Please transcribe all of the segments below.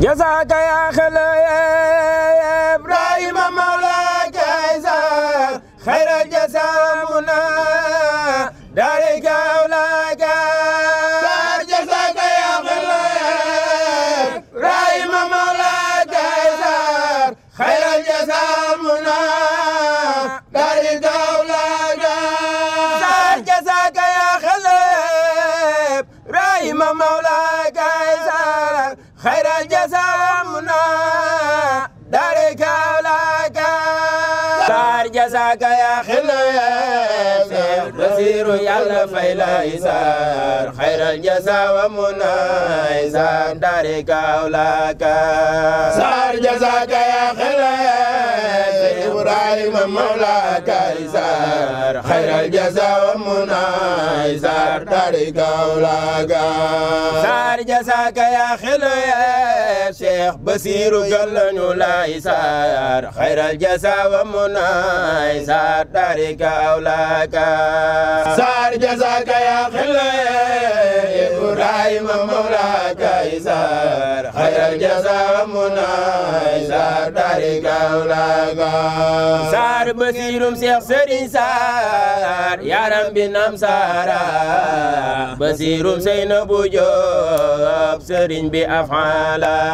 جزاك يا خلال yàlla fay la isaar xayral jasa wa muna isaar dari kaaw laaka saar jasaka ya xelal ibrahima mawlaaka isaar xayral jasa wa muna isaar dari kaaw laaka saar jasaka ya xelal cheikh basiru gàllañu la isaar xayral jasa wa muna isaar dari kaaw laaka saar jazaaka yaa xel إبراهيم مولاك إزار خير الجزاء منا إزار دارك أولاك سار بسيرم سيخ سرين سار يا ربي نام سارا بسيرم سين بجوب سرين بأفعالا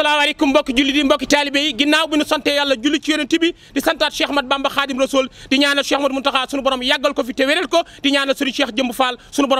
salaamaaleykum mbokki julli di mbokki taalibe yi ginnaaw bi ñu sante yàlla julli ci yonent bi di santaat Cheikh Ahmad Bamba Khadim Rasoul di ñaanal Cheikh Ahmad Mountakha sunu borom yàggal ko fi te wéral ko di ñaanal sunu Cheikh Jëmb Fall sunu borom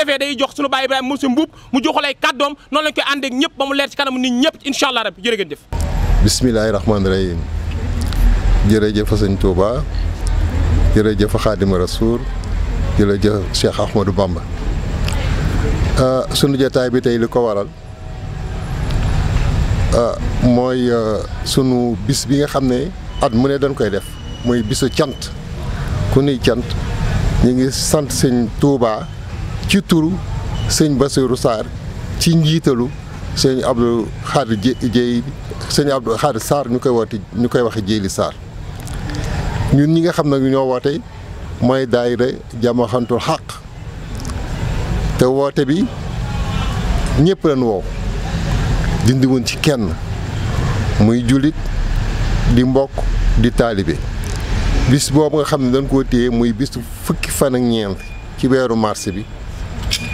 defee day jox suñu baay Ibrahima Moussa Mbuub mu joxul ay kàddoom noonu lañ koy ak ñëpp ba mu leer ci kanamu ñëpp incha allah rabbi jërë ngeen jëf. bismillaahi rahmaani rahiim jërëjëf sëñ Touba jërëjëf Xaadimu ah, sunu jotaay bi tey li ko waral ah, mooy ah, sunu bis bi nga xam ne at mu ne dañ koy def muy bisu cant ku nuy cant ñu ngi sant sëñ tuuba ci turu sëñ Bassirou Sarr ci njiitalu sëñ ab Khadre Dieye sëñ Abdou Khadre Sarr ñu koy woote ñu koy waxe Dieye Sarr ñun ñi nga xam nag ñoo woote mooy daayira jamaxantul xaq te woote bi ñëpp lañ woow dindi ci kenn muy jullit di mbokk di taalibe bis boobu nga xam ne dañ ko téye muy bisu fukki fan ak ñeent ci weeru mars bi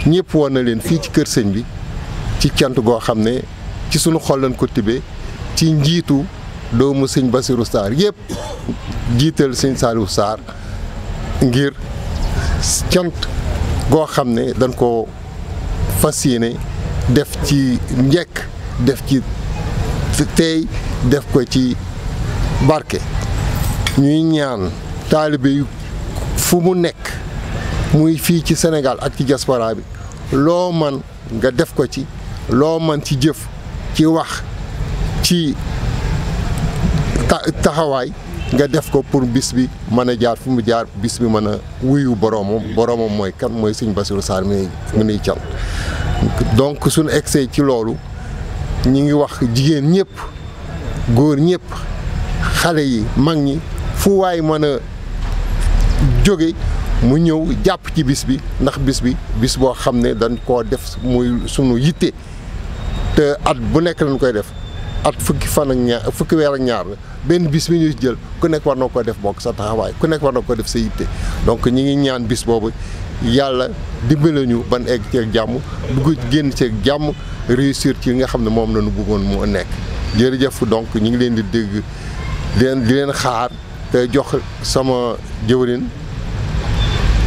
ñépp woon na leen fii ci kër sëñ bi ci cant goo xam ne ci sunu xol lañ ko tibbee ci njiitu doomu sëñ Basirou Sarr yëpp jiital sëñ Saliou Sarr ngir cant goo xam ne dañ ko fas yéene def ci njekk def ci teey def ko ci barke ñuy ñaan taalibe yu fu mu nekk muy fii ci senegal ak ci diaspora bi loo man nga def ko ci loo man ci jëf ci wax ci taxawaay nga def ko pour bis bi mën a jaar fu mu jaar bis bi mën a wuyu boroomam boroomam mooy kan mooy Sëñ Bassirou Sarr mi mu nuy cal donc suñu egsee ci loolu ñi ngi wax jigéen ñëpp góor ñëpp xale yi mag ñi fu waay mën a jóge mu ñëw jàpp ci bis bi ndax bis bi bis boo xam ne dañ koo def muy sunu yitte te at bu nekk dañ koy def at fukki fan ak ñaar fukki weer ak ñaar la benn bis bi ñuy jël ku nekk war na ko def bokk sa taxawaay ku nekk war na ko def sa yitte donc ñi ngi ñaan bis boobu yàlla dimbale ñu ban egg ceeg jàmm dugg génn ceeg jàmm réussir ci nga xam ne moom la ñu bëggoon nekk jërëjëf donc ñu ngi leen di dégg leen di leen xaar te jox sama jëwrin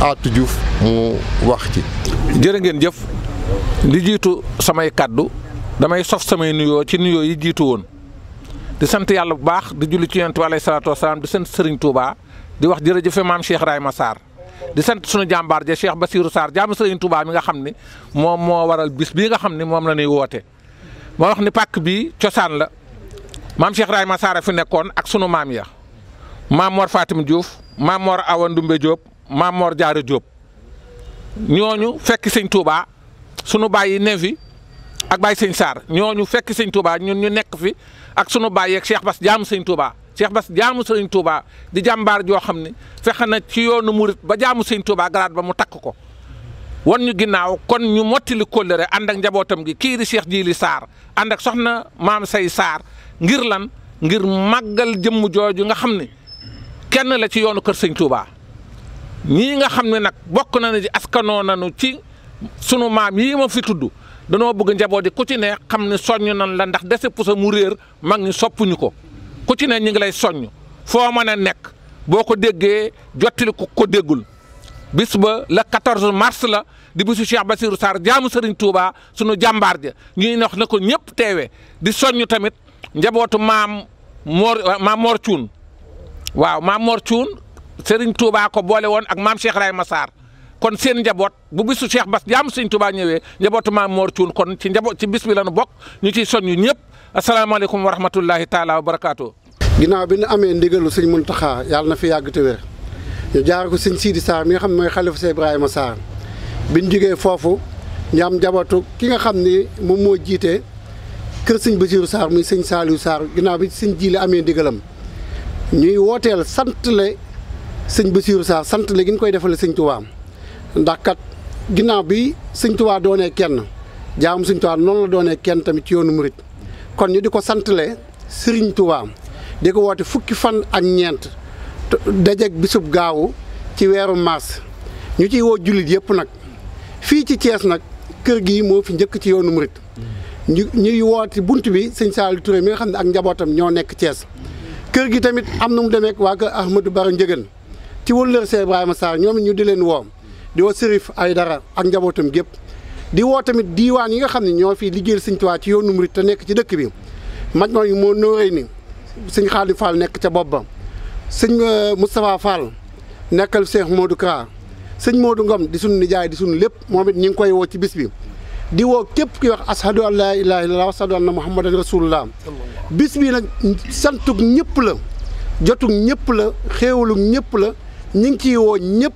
Atou Diouf mu wax ci. jërë ngeen jëf di jiitu samay kàddu damay sof samay nuyoo ci nuyoo yi jiitu woon di sant yàlla bu baax di julli ci yonent bi alayhi salaatu wasalaam di sant Serigne Touba di wax jërëjëfe maam Cheikh Ibrahima Sarr di sant sunu jàmbaar ja Cheikh Bassirou Sarr jaamu Serigne Touba mi nga xam ni moom moo waral bis bii nga xam ni moom la ñuy woote. moo wax ni pàkk bii cosaan la maam Cheikh Ibrahima Sarr fi nekkoon ak sunu maam ya maam Mor Fatim Diouf maam Mor Awa Maam Mor Jaara Jóob ñooñu fekk sëñ Touba sunu baay yi ne fi ak baay sëñ Saar ñooñu fekk sëñ Touba ñun ñu nekk fi ak sunu baay yeeg Cheikh Bass jaamu sëñ Touba Cheikh Bass jaamu sëñ Touba di jàmbaar joo xam ne fexe na ci yoonu murit ba jaamu sëñ Touba garaat ba mu takk ko. wan ñu ginnaaw kon ñu mottali kóllëre ànd ak njabootam gi kii di Cheikh Jili Saar ànd ak soxna maam say Saar ngir lan ngir màggal jëmm jooju nga xam ne kenn la ci yoonu kër sëñ Touba. ñii nga xam ne nag bokk na ne askanoo nañu ci sunu maam yii ma fi tudd danoo bëgg njaboot yi ku ci ne xam ne soññ nan la ndax dese pusa mu réer mag ñi soppuñu ko ku ci ne ñu ngi lay soññ foo mën a nekk boo ko déggee jottali ko ko déggul bis ba le 14 mars la di bisu Cheikh Bassirou Sarr jaamu Serigne Touba sunu jàmbaar ja ñuy wax ne ko ñëpp teewee di soññ tamit njabootu maam Mor maam Mor Cuun waaw maam Mor Cuun Serigne Touba ko boole woon ak maam Cheikh Ibrahima Sarr kon seen njaboot bu bisu Cheikh Bass jaamu Serigne Touba ñëwee njabootu maam Mor Thioune kon ci njaboot ci bis bi la ñu bokk ñu ciy soññu ñëpp asalaamaaleykum wa rahmatullahi taala wa barakaatu. ginnaaw bi ñu amee ndigalu Serigne Mountakha yàlla na fi yàgg te wér ñu jaar ko seen Sidi Sarr mi nga xam ne mooy xalifa Cheikh ma Sarr bi ñu jógee foofu ñu am njabootu ki nga xam ne moom moo jiite kër Serigne Bassirou Sarr muy Serigne Saliou Sarr ginnaaw bi Serigne Jili amee ndigalam ñuy wooteel sant sëñ Bassirou saa sant la gi ñu koy defale sëñ Touba ndax kat ginnaaw bi sëñ Touba doonee kenn jaamu sëñ Touba noonu la doonee kenn tamit ci yoonu murit kon ñu di ko santale sëriñ Touba di ko woote fukki fan ak ñeent dajeeg bisub gaawu ci weeru mars ñu ciy woo jullit yëpp nag fii ci Thiès nag kër gi moo fi njëkk ci yoonu murit ñu ñuy woote bunt bi sëñ Saliou Touré mi nga xam ne ak njabootam ñoo nekk cees kër gi tamit am na mu demee waa kër Ahmadou Baro Ndiéguène ci wëllër Cheikh ma Sarr ñoom ñu di leen woom di woo ay dara ak njabootam gépp di woo tamit diiwaan yi nga xam ne ñoo fi liggéeyal Sëñ waa ci yoonu murit te nekk ci dëkk bi maj mooy moo nóoree ni sëñ Xaadim nekk ca bopp ba sëñ Moustapha Fall nekkal Cheikh Modou Kra sëñ Modou Ngom di sunu nijaay di sunu lépp moom it ñu ngi koy woo ci bis bi di woo képp kuy wax ashadu an laa ilaaha illallaah wa ashadu anna muhammadan rasulullah bis bi nag santug ñëpp la jotug ñëpp la xéewalug ñëpp la ñi ngi ciy woo ñëpp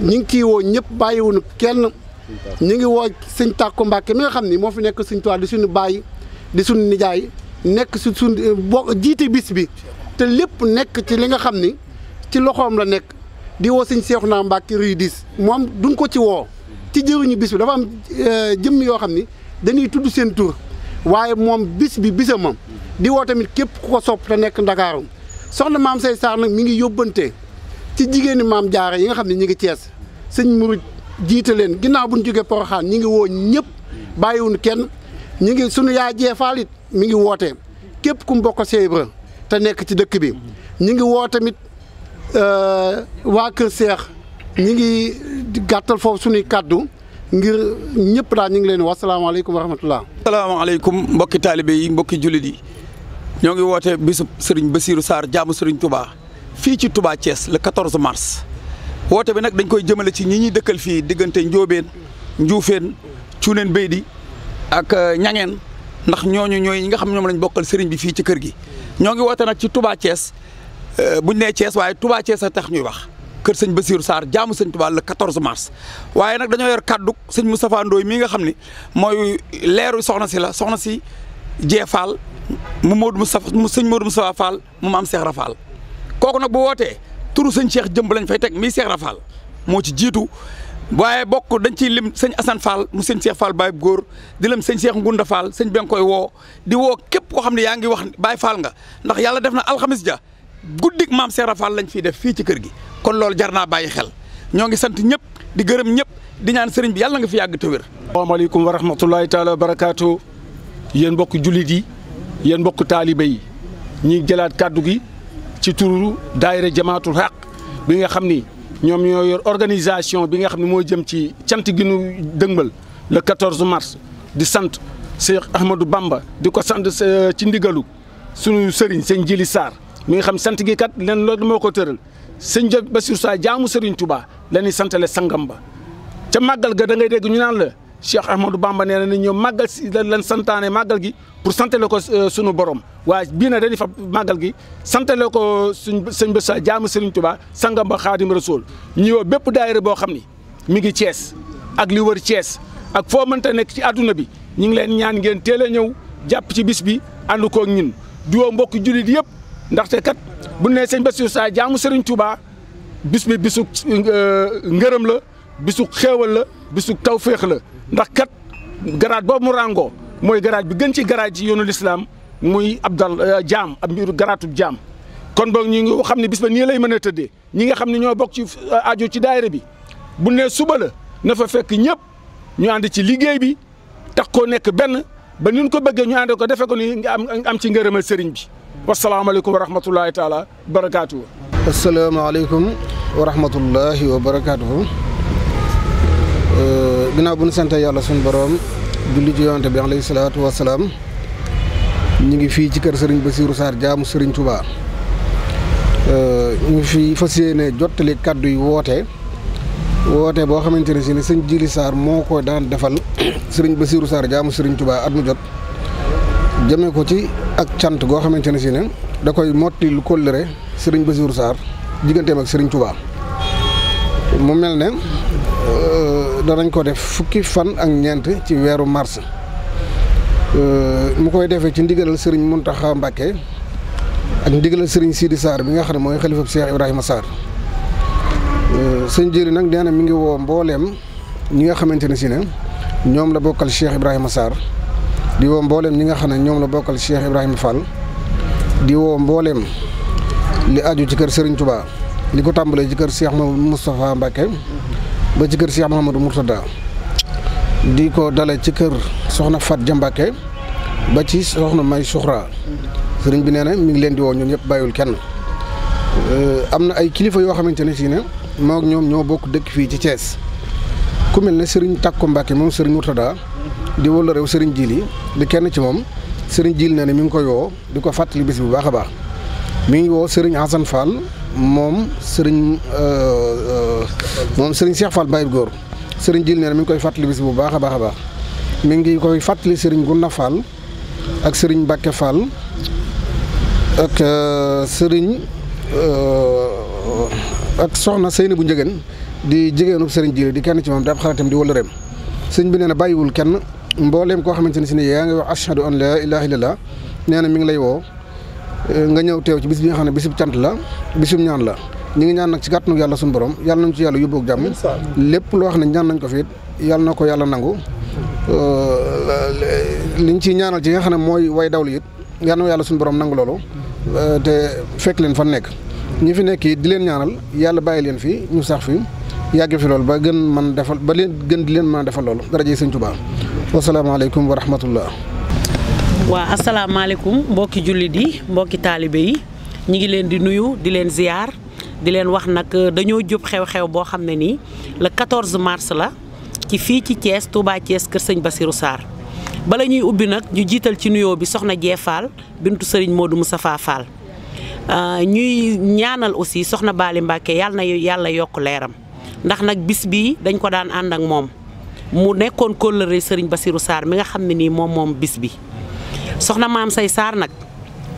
ñi ngi ciy woo ñëpp bàyyiwuñu kenn ñu ngi woo sëñ Tàkku Mbàkke mi nga xam ni moo fi nekk sëñ Tuubaa di suñu baay di suñu nijaay nekk su suñu boo jiite bis bi te lépp nekk ci li nga xam ni ci loxoom la nekk di woo sëñ Seexuna Mbàkke ruy diis moom duñ ko ci woo ci jëruñu bis bi dafa am euh, jëmm yoo xam ni dañuy tudd seen tur waaye moom bis bi bisamam di woo tamit képp ku ko sopp te nekk Ndakaaru soxna maam say Sarr nag mi ngi yóbbante ci jigéeni maam jaara yi nga xam ne ñi ngi Cees sëñ Murid jiite leen ginnaaw bu ñu jógee xaan ñi ngi woo ñëpp bàyyiwuñ kenn ñi ngi sunu yaay jeefaal it mi ngi woote képp kum bokk Cheikh Ibra te nekk ci dëkk bi ñi ngi woo tamit euh, waa Kër Seex ñi ngi gàttal foofu suñuy kàddu ngir ñëpp daal ñu ngi leen di wax salaamaaleykum wa rahmatullah. salaamaaleykum mbokki taalibe yi mbokki jullit yi ñoo ngi woote bisub Serigne Bassirou Sarr jaamu Serigne Touba. fii ci Touba Thiès la 14 mars woote bi nag dañ koy jëmale ci ñi ñuy dëkkal fii diggante Njóobeen Njuufeen Cuuneen di ak ñangeen euh, ndax ñooñu ñooy ñi nga xam ñoom lañ bokkal sëriñ bi fii ci kër gi ñoo ngi woote nag ci Touba Thiès euh, buñ nee Thiès waaye tubaa Thiès a tex ñuy wax kër sëñ Bassirou Sarr jaamu sëñ Touba le 14 mars waaye nag dañoo yor kàddu sëñ Moustapha Ndoye mii nga xam ne mooy leeru soxna si la soxna si Jee Fall mu Modou Moustapha sëñ Modou Moustapha mu maam Cheikh Rafal koku nak bu wootee turu seigne Cheikh jëm lañ fay tek mi Cheikh Rafal mo ci jitu waye bokku dañ ci lim seigne Assane Fall mu seigne Cheikh Fall Baye gor di lim seigne Cheikh Ngunda Fall seigne bi nga koy woo di wo kep ko xamni yaangi wax Baye Fall nga ndax yalla def na alxamis ja guddik mam Cheikh Rafal lañ fi def fi ci kër gi kon loolu jarna baye xel ñogi sant ñep di gërem ñep di ñaan seigne bi yalla nga fi yàgg te wér. alaykum wa rahmatullahi taala wa Yen yéen mbokk yi yéen bokku talibey ñi jëlaat kaddu gi ci turu daayira jamaatul xaq bi nga xam ni ñoom ñoo yor organisation bi nga xam ne moo jëm ci cant gi nu dëngbal le 14 mars di sant Cheikh Ahmadou Bamba di ko sant euh, ci ndigalu sunu sëriñ sëñ Jili Sarr mi nga xam sant gi kat len loolu moo ko tëral sëñ Basir Sa jaamu sëriñ tubaa la ñuy santale sangam ba ca màggal ga da ngay dégg ñu naan la. cheikh ahmadou bamba nee na ni ñoom si lan lan magal gi pour santale ko euh, suñu borom wa bi na dañu fa magal gi santale ko suñu seigne bassa jaamu sëriñ touba sangam ba khadim rasul ñi yo bépp daayira bo xamni mi ngi Thiès ak li wër Thiès ak mën ta nek ci aduna bi ñi ngi leen ñaan ngeen teel ñew japp ci bis bi ko koog ñun diwoo mbokk julit ndax té kat bu ne seigne bassa jaamu touba bis bi bisu euh, ngërëm la bisu xéewal la bisuk tawfiq la ndax kat garage bobu rango moy garage bi gën ci garage yi yoonu lislaam moy abdal jam ab mbiru garaatu jaam kon bok ñi nga xamni bisba ni lay mëna a ñi nga xamni ne ñoo bokk ci aajo ci daayira bi bu ne suba la na fa fekk ñëpp ñu ànd ci liggéey bi tax ko nek ben ba nun ko bëgg ñu ànd ko defe ko ni am am ci ngërëmal sëriñ bi alaykum wa rahmatullahi taala barakaatu. asalaamaaleykum wa rahmatullahi wa barakaatu. Euh, ginnaaw bu ñu sant yàlla suñu borom julli ci yonte bi alayhi salaatu wasalaam ñu ngi fii ci kër sëriñ Bassirou Sarr jaamu sëriñ Touba euh, ñu fi fas yéene jottali kàddu yi woote woote boo xamante ne si sëñ Jili moo ko daan defal sëriñ Bassirou Sarr jaamu sëriñ Touba at mu jot jëmee ko ci ak cant goo xamante ne si da koy motti lu kóllëre sëriñ Bassirou Sarr digganteem ak sëriñ Touba. mu melne euh danañ ko def fukki fan ak ñent ci wéru mars euh, mu koy defee ci ndigal Serigne muntaha Mbacké ak ndigal Serigne Sidi sar bi nga xam moy khalifa cheikh ibrahim sar euh sëñ jëri nak nee mi ngi wo mbooleem ñi nga xamanteni ci ne la bokal Cheikh Ibrahim sar di wo mbooleem ñi nga xam ne la bokal Cheikh Ibrahim Fall di wo mbooleem li aju ci kër Serigne Touba li ko tàmbalee ci kër Cheikh Mamadou Moustapha Mbacke ba ci kër Cheikh Mamadou Mourtada di ko dale ci kër soxna Fat Ja Mbacke ba ci soxna May Suxra sëriñ bi nee na mi ngi leen di woo ñoom ñëpp bàyyul kenn am na ay kilifa yoo xamante ne si ne moo ak ñoom ñoo bokk dëkk fii ci Thiès ku mel ne sëriñ Takko Mbacke moom sëriñ Mourtada di wala réew sëriñ Jili di kenn ci moom sëriñ Jili nee na mi ngi koy woo di ko fàttali bis bu baax a baax mu ngi woo sëriñ Assane Fall moom sëriñ euh, euh, moom sëriñ Cheikh Fall Baye Góor sëriñ Jil nee na mi ngi koy fàttali bis bu baax a baax a baax mi ngi koy fàttali sëriñ Gunna Fall ak sëriñ Mbacke Fall ak euh, sëriñ ak soxna Seyni bu Njëgeen di jigéenu sëriñ Jil di kenn ci moom di ab xaritam di wëllëreem sëriñ bi nee bàyyiwul kenn mbooleem koo xamante ne si ne yaa ngi wax ashhadu an laa ilaaha illallaah nee na mi ngi lay woo. nga ñëw teew ci bis bi nga xam ne bisub cant la bisub ñaan la ñu ngi ñaan nag ci kàttanu yàlla suñu borom yàlla nañ ci yàlla yóbbu ak jàmm lépp loo xam ne ñaan nañ ko fiit yàlla na ko yàlla nangu liñ ci ñaanal ci nga xam ne mooy way dawlu it yàlla na yàlla suñu borom nangu loolu te fekk leen fa nekk ñi fi nekk di leen ñaanal yàlla bàyyi leen fi ñu sax fi yàgg fi loolu ba gën man defal ba leen gën di leen mën a defal loolu daraje sëñ Tuubaa wasalaamaaleykum wa rahmatullah waa asalaamaaleykum mbokki jullit yi mbokki taalibe yi ñi ngi leen di nuyu di leen ziar di leen wax nag euh, dañoo jub xew-xew boo xam ne nii le 14 mars la ci fii ci Thiès Touba Thiès kër sëñ Basirou Sarr bala ñuy ubbi nag ñu jiital ci nuyoo bi soxna Jee Fall bintu sëriñ Modou Moustapha Fall euh, ñuy ñaanal aussi soxna Baali Mbàkke yàlla na yàlla yokk leeram ndax nag bis bii dañ ko daan ànd ak moom mu nekkoon kóllëre sëriñ Basirou saar mi nga xam ne nii moom moom bis bi soxna maam say saar nag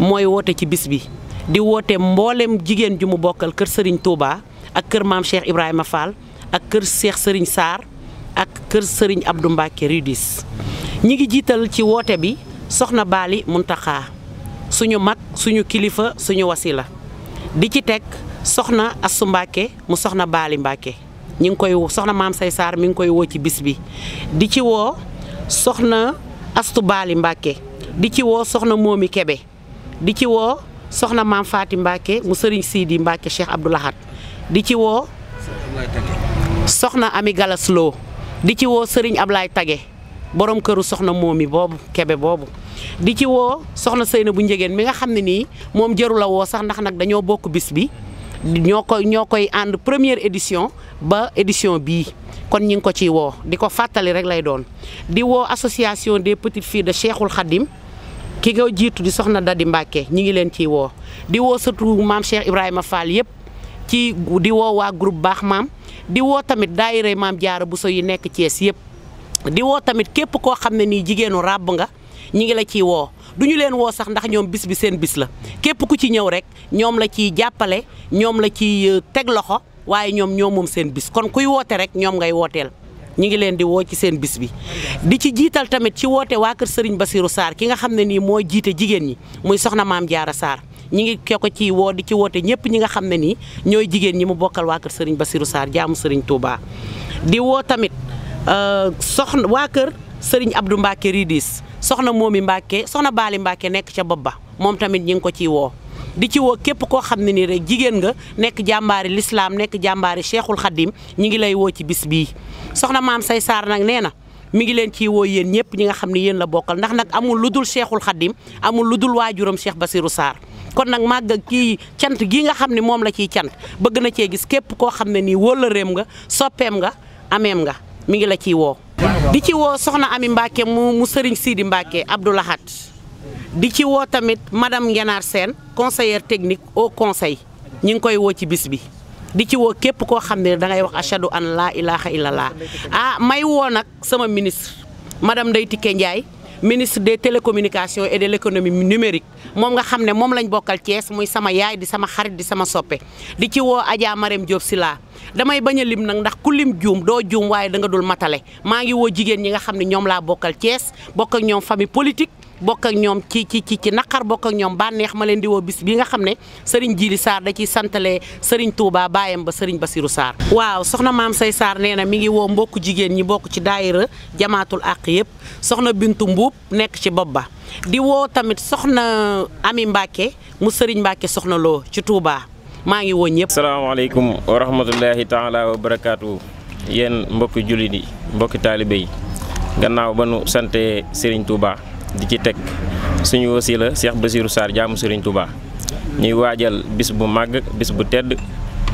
mooy woote ci bis bi di woote mboolem jigéen ju mu bokkal kër sëriñ Touba ak kër maam Cheikh Ibrahima Fall ak kër Cheikh Serigne saar ak kër Serigne Abdou Mbacke Rudis ñi ngi jiital ci woote bi soxna Baali Muntaxa suñu mag suñu kilifa suñu wasila di ci teg soxna astu Mbacke mu soxna Baali Mbacke ñi ngi koy soxna maam say saar mi ngi koy woo ci bis bi di ci woo soxna Astu Baali Mbacke. di ci woo soxna Momi Kebe di ci woo soxna maam Faati Mbacke mu sëriñ Sidi Mbacke Cheikh Abdou Lahad di ci woo soxna Ami Galas di ci woo sëriñ Ablaye Tage borom këru soxna Momi boobu Kebe boobu di ci woo soxna sëy na bu njegeen mi nga xam ne nii moom jëru woo sax ndax nag dañoo bokk bis bi ñoo koy ñoo koy ànd première édition ba édition bii kon ñi ngi ko ciy woo di ko fàttali rek lay doon di woo association de petites filles de Cheikhul Khadim ki nga jiitu di soxna Dadi Mbacke ñi ngi leen ciy woo di woo surtout maam Cheikh Ibrahima faal yëpp ci di woo waa groupe baax maam di woo tamit daayira maam jaara bu so yi nekk Thiès yëpp di woo tamit képp koo xam ne nii jigéenu ràbb nga ñi ngi la ciy woo du ñu leen woo sax ndax ñoom bis bi seen bis la képp ku ci ñëw rek ñoom la ciy jàppale ñoom la ciy euh, teg loxo waaye ñoom ñoo moom seen bis kon kuy woote rek ñoom ngay wooteel ñi ngi leen di woo ci seen bis bi di ci jiital tamit ci woote waa kër Serigne Bassirou saar ki nga xam ne nii moo jiite jigéen ñi muy soxna maam Diarra saar ñi ngi ke ko ci woo di ci woote ñëpp ñi nga xam ne nii ñooy jigéen ñi mu bokkal waa kër Serigne Bassirou saar jaamu Serigne Touba. di woo tamit euh, soxna waa kër Serigne Abdou Mbacke Ridis soxna Momi Mbacke soxna baal Mbacke nekk ca bopp ba moom tamit ñi ngi ko ciy woo. di ci woo képp koo xam ne nii rek jigéen nga nekk jàmbaari lislaam nekk jàmbaari cheikhul xadim ñi ngi lay woo ci bis bii soxna maam say saar nag nee na mi ngi leen ciy woo yéen ñëpp ñi nga xam ne yéen la bokkal ndax nag amul lu dul cheikhul xadim amul lu dul waajuram cheikh Basirou saar kon nag màgg kii cant gii nga xam ne moom la ciy cant bëgg na cee gis képp koo xam ne nii wóllëreem nga soppeem nga ameem nga mi ngi la ciy woo di ci woo soxna ami Mbacke mu mu sëriñ Sidi Mbacke Abdoulahat di ci woo tamit madame Ngenaar seen conseillère technique au conseil ñi ngi koy woo ci bis bi di ci woo képp koo xam ne da ngay wax ashadu an laa ilaha illallah ah may woo nag sama ministre madame day tikkee Ndiaye ministre des télécommunications et de l'économie numérique moom nga xam ne moom lañ bokkal Thiès muy sama yaay di sama xarit di sama soppe di ci woo Adja Marème Diop Sila damay bañ a lim nag ndax ku lim juum doo juum waaye da dul matale maa ngi woo jigéen ñi nga xam ne ñoom laa bokkal Thiès bokk ak ñoom famille politique bokk ak ñoom ci ci ci ci naqar bokk ak ñoom bànneex ma leen di woo bis bi nga xam ne sëriñ Jili saar da ciy santale sëriñ Touba baayam ba sëriñ Basirou saar waaw soxna maam say saar nee na mi ngi woo mbokk jigéen ñi bokk ci daayira jamaatul àq yëpp soxna Bintu Mbuub nekk ci bopp ba di woo tamit soxna Ami Mbacke mu sëriñ Mbacke soxna loo ci Touba maa ngi woo ñëpp. salaamaaleykum wa rahmatulahi taala wa barakaatu yéen mbokki jullit yi mbokki taalibe yi gannaaw ba di ci teg suñu la Cheikh basirou sar jam Serigne Touba ñi waajal bis bu mag bis bu tedd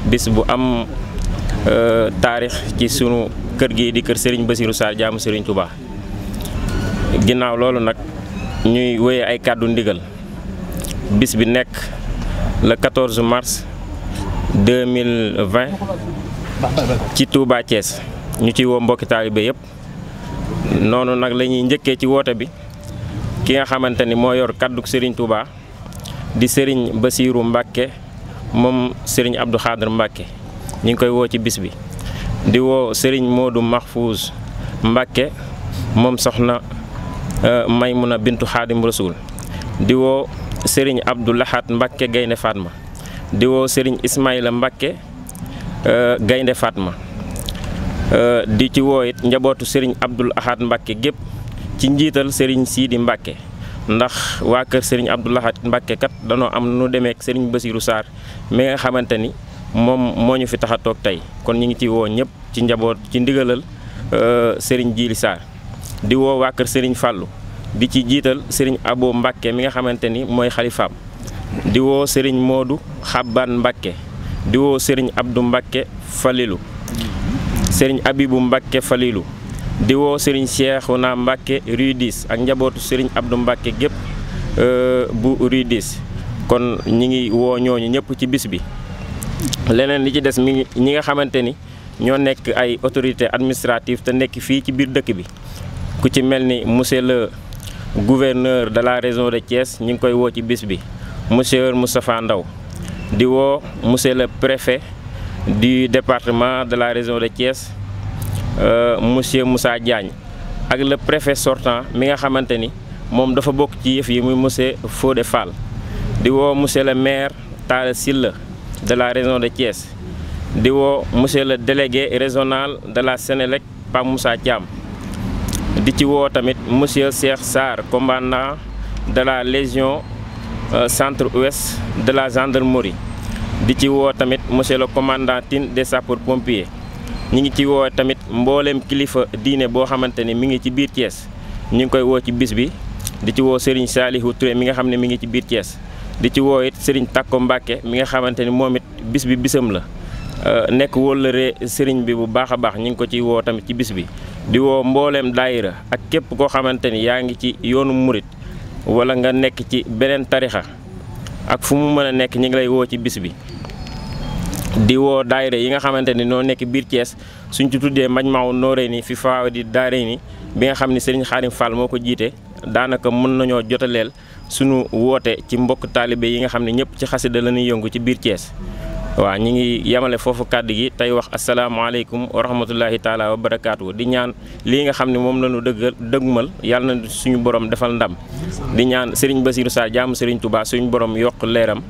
bis bu am euh, tarikh ci suñu kër gi di kër Serigne basirou sar jam Serigne Touba ginnaw lolu nak ñuy wéye ay kàddu ndigal bis bi nek le 14 mars 2020 ci Touba Thiès ñu ci wo mbokki talibé yépp nonu nak lañuy ñëkke ci bi ki nga xamanteni mo yor kaddu Serigne Touba di Serigne basirou mbake mom Serigne Abdou Khader mbake ñu ngi koy wo ci bis bi di wo Serigne Modou Mahfouz mbake mom soxna euh, Maymuna bintu khadim Rasul di wo Serigne Abdou Lahat mbake gayne Fatma di wo Serigne Mbake Mbacke euh, gayne Fatma euh, di ci wo it njabootu Serigne abdou Ahad Mbake gip ci njital Serigne Sidi Mbacke ndax waker sering Serigne abdullah Mbacke kat danoo am nu demee ak Serigne basirou sar mi nga xamanteni mom moñu fi taxatok tay sering kon ñi ngi ci wo ñep ci njabot ci euh Serigne Djili sar di wo wa keur Serigne fallu di ci jital Serigne Abo Mbacke mi nga xamanteni moy khalifa di wo Serigne Modou Xabbaan Mbacke di wo Serigne Abdou Mbacke falilu Serigne Abibou Mbacke falilu di woo Serigne na Mbacke rue ak njabootu Serigne Abdou Mbacke gépp euh, bu rue 10 kon ñi ngi woo ñooñu ñëpp ci bis bi leneen li ci des mi ñi nga xamante ni ñoo nekk ay autorité administrative te nekk fii ci biir dëkk bi ku ci mel ni monsieur le gouverneur de la réseau de Thiès ñi ngi koy woo ci bis bi monsieur Moustapha Ndaw di woo monsieur le préfet du département de la réseau de Thiès Euh, monsieur Moussa Diagne ak le préfet sortant mi nga xamanteni mom dafa bok ci yef yi muy monsieur Fodé Fall di monsieur le maire tala Sylla de la région de Thiès di wo monsieur le délégué régional de la Sénélec Pape Moussa Diam di ci wo tamit monsieur Cheikh Sar commandant de la légion euh, centre ouest de la gendarmerie di ci wo tamit monsieur le commandant de des sapeurs pompiers ñi ngi ci woo tamit mbooleem kilifa diine boo xamante ni mi ngi ci biir Thiès ñu ngi koy woo ci bis bi di ci woo Serigne Salihu Touré mi nga xam ne mu ngi ci biir Thiès di ci woo it Serigne Takko Mbacke mi nga xamante ni moom it bis bi bisam la euh, nekk wóllëre Serigne bi bu baax a baax ñu ngi ko ci woo tamit ci bis bi di woo mbooleem daayira ak képp koo xamante ni yaa ngi ci yoonu murit wala nga nekk ci beneen tarixa ak fu mu mën a nekk ñu ngi lay woo ci bis bi di woo daayira yi nga xamante ni noo nekk biir Thiès suñ ci tuddee Majmahun Noreyni fi faawa di daarayni bi nga xam ne Serigne Khadim moo ko jiite daanaka mën nañoo jotaleel suñu woote ci mbokk taalibe yi nga xam ne ñëpp ci xasida la ñuy yëngu ci biir cees waaw ñi ngi yemale foofu kàddu gi tey wax asalaamaaleykum wa rahmatullahi taala wa barakaatu di ñaan lii nga xam ne moom la ñu dëggumal dëgmal yàlla na suñu borom defal ndam di ñaan Serigne Bassirou Sarr jaamu sëriñ Touba suñu borom yokk leeram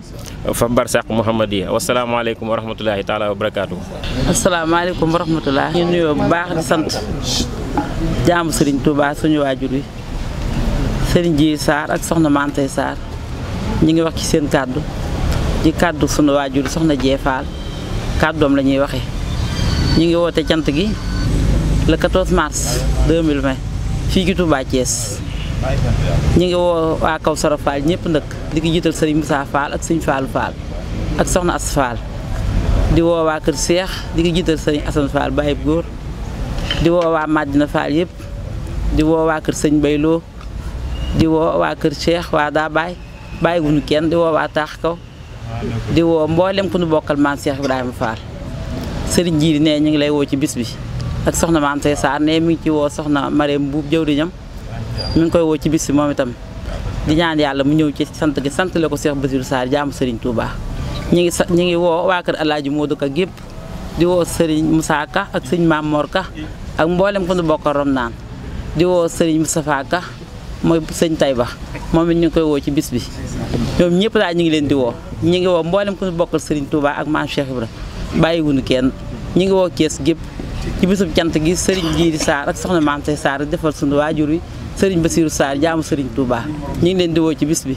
fa barsaq Muhammadiya wasalaamaaleykum wa rahmatullahi taala wa barakaatu. asalaamaaleykum wa rahmatullah ñu nuyoo bu baax di sant jaamu sëriñ Touba suñu waajur wi sëriñ Ji Sarr ak soxna Mante Sarr ñu ngi wax ci seen kàddu. ci kàddu sunu waajur soxna Jee Faal kàddoom la ñuy waxee ñu ngi woote cant gi le 14 mars 2020 fii ci Touba Thiès ñu ngi woo waa Kawsara Fall ñëpp ndëkk di ko jiital sëriñ Moussa Fall ak sëñ Fallou Fall ak soxna As Fall di woo waa Kër Seex di ko jiital sëriñ Assane Fall Baye Góor di woo waa Madina Fall yëpp di woo waa kër sëñ Bayloo di woo waa kër Cheikh waa daa baay bàyyi wuñu kenn di woo waa taax kaw di woo mboolem ku nu bokkal maam Cheikh Ibrahima Fall sëriñ jii di ne ñu ngi lay woo ci bis bi ak soxna maam say Sarr ne mi ngi ci woo soxna Marème Mbuub jëwriñam mi ngi koy woo ci bis bi moom itam di ñaan yàlla mu ñëw ci sant gi sant la ko Cheikh Bassirou Sarr jaamu sëriñ Touba ñu ngi ñu ngi woo waa kër Alaaji Modou gépp di woo sëriñ Moussa Ka ak sëñ Maam Mor Ka ak mboolem ku nu bokkal rom di woo sëriñ Moustapha Ka mooy sëñ Tayba moom it ñu ngi koy woo ci bis bi ñoom ñëpp daal ñu ngi leen di woo ñi ngi woo mboolem ku ñu bokkal Serigne Touba ak maam Cheikh Ibra bàyyiwuñu kenn ñi ngi woo kees gépp ci bisub cant gi Serigne Jiiri Sarr ak soxna maam saar Sarr defal suñu waajur wi Serigne Bassirou Sarr jaamu Serigne Touba ñu ngi leen di woo ci bis bi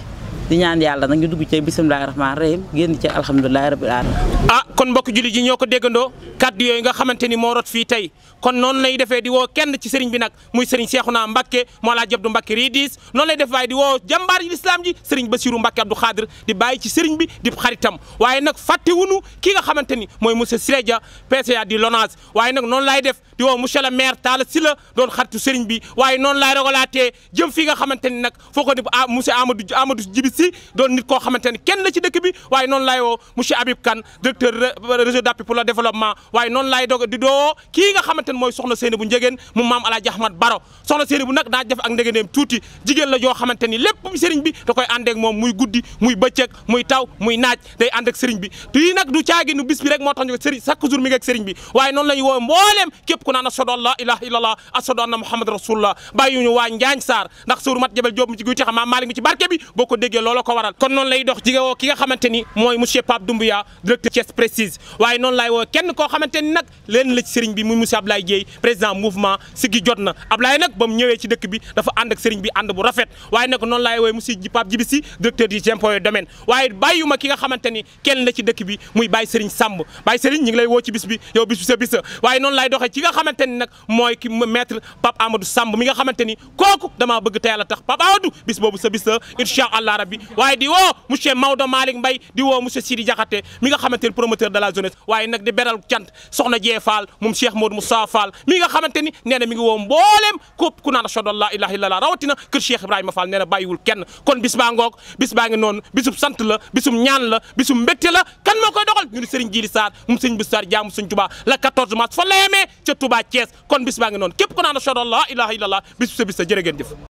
di ñaan yàlla nag ñu dugg ci bisimilahi rahmaani rahim génn ci alhamdulilahi rabbil alamin ah kon mbokk julli ji ñoo ko déggandoo kàddu yooyu nga xamante ni moo rot fii tey kon noonu lay defee di woo kenn ci sëriñ bi nag muy sëriñ Seexuna Mbàkke moo laa jabdu Mbàkke riidis noonu lay def waaye di woo jàmbaar yi lislaam ji sëriñ Basiru Mbàkke Abdu Xaadir di bàyyi ci sëriñ bi di xaritam waaye nag fàttewunu ki nga xamante ni mooy monsieur Sirédia PCA di LONASE waaye nag noonu lay def di woo monsieur le maire Talla Sylla doon xaritu sëriñ bi waaye noonu laay rogalaatee jëm fii nga xamante ni nag foo ko ni ah monsieur Amadou Amadou Djibi doon nit koo xamante ni kenn la ci dëkk bi waaye noonu laay woo monsieur Habib Kane directeur réseau d'appui pour le développement waaye noonu laay doog di doo kii nga xamante ni mooy soxna Seynabou Ndiégène mu maam Alaaji Ahmad Baro soxna Seynabou nag daa def ak ndegeeneem tuuti jigéen la joo xamante ni lépp sëriñ bi da koy ànd ak moom muy guddi muy bëccëg muy taw muy naaj day ànd ak sëriñ bi te lii nag du caagi nu bis moo tax ñu ko sëriñ bi waaye noonu lañu woo mbooleem képp képp ku naan asadu muhammad rasulullah bàyyi ñu waa njaañ saar ndax sëwru mat jabel joob mi ci guy taxa maam maalik mi ci barke bi boo ko déggee loola ko waral kon noonu lay dox jige woo ki nga xamante ni mooy monsieur Pape directeur Thiès Prestige waaye noonu lay woo na Ablaye nag ba mu ñëwee ci dëkk bi dafa ànd ak sëriñ bi ànd bu rafet waaye nag noonu laay wooye monsieur Pape Djibi Sy directeur du impôts et domaines waaye bàyyuma ki nga xamante ni kenn la ci dëkk bi muy Baye Sëriñ Samb Baye Sëriñ ñi lay woo ci bis yow bis bi waaye noonu xamante ni nag mooy ki maître Pape Amadou Samb mi nga xamante ni kooku damaa bëgg te yàlla tax Pape Amadou bis boobu sa bis la allah rabbi waaye di woo monsieur Maodo Malick Mbaye di woo monsieur Sidi Diakhaté mi nga xamante ni promoteur de la jeunesse waaye nag di beral cant soxna Jee Fall moom Cheikh Modou Moussa Fall mi nga xamante ni nee na mi ngi woo mbooleem képp ku naan ashhadu an laa ilaaha rawatina kër Cheikh Ibrahima Fall nee na kenn kon bis baa ngoog bis baa ngi noonu bisub sant la bisum ñaan la bisum mbégte la kan moo koy doxal ñu Serigne Djili Sarr moom Serigne Bissar jaamu Serigne Touba la 14 mars fa la yemee Touba Thiès kon bis baa ngi noonu képp ko naan ashhadu an laa ilaaha illallaah bis bu sa bis sa